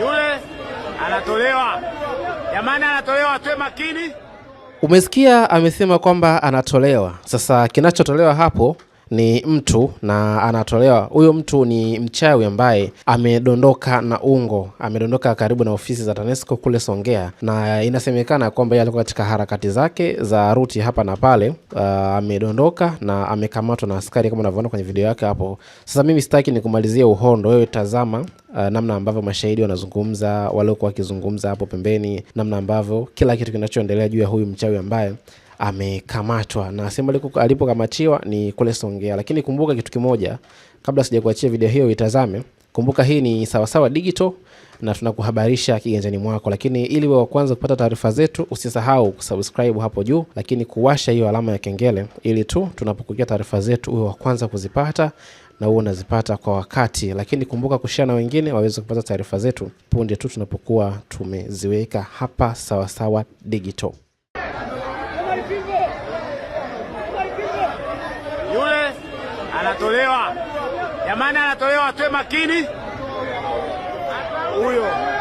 Yule anatolewa, jamani, anatolewa, twe makini. Umesikia amesema kwamba anatolewa. Sasa kinachotolewa hapo ni mtu na anatolewa. Huyo mtu ni mchawi ambaye amedondoka na ungo, amedondoka karibu na ofisi za TANESCO kule Songea, na inasemekana kwamba yeye alikuwa katika harakati zake za ruti hapa na pale. Uh, amedondoka na amekamatwa na askari kama unavyoona kwenye video yake hapo. Sasa mimi sitaki nikumalizie uhondo, wewe tazama Uh, namna ambavyo mashahidi wanazungumza waliokuwa wakizungumza hapo pembeni, namna ambavyo kila kitu kinachoendelea juu ya huyu mchawi ambaye amekamatwa na Simba alipokamatiwa ni kule Songea. Lakini kumbuka kitu kimoja, kabla sijakuachia video hiyo itazame, kumbuka hii ni Sawasawa Digital na tunakuhabarisha kiganjani mwako, lakini ili wa kwanza kupata taarifa zetu usisahau kusubscribe hapo juu, lakini kuwasha hiyo alama ya kengele ili tu tunapokuja taarifa zetu uwe wa kwanza kuzipata na huo unazipata kwa wakati, lakini kumbuka kushare na wengine waweze kupata taarifa zetu punde tu tunapokuwa tumeziweka hapa Sawasawa Digital. Yule anatolewa, jamani, anatolewa, atoe makini huyo.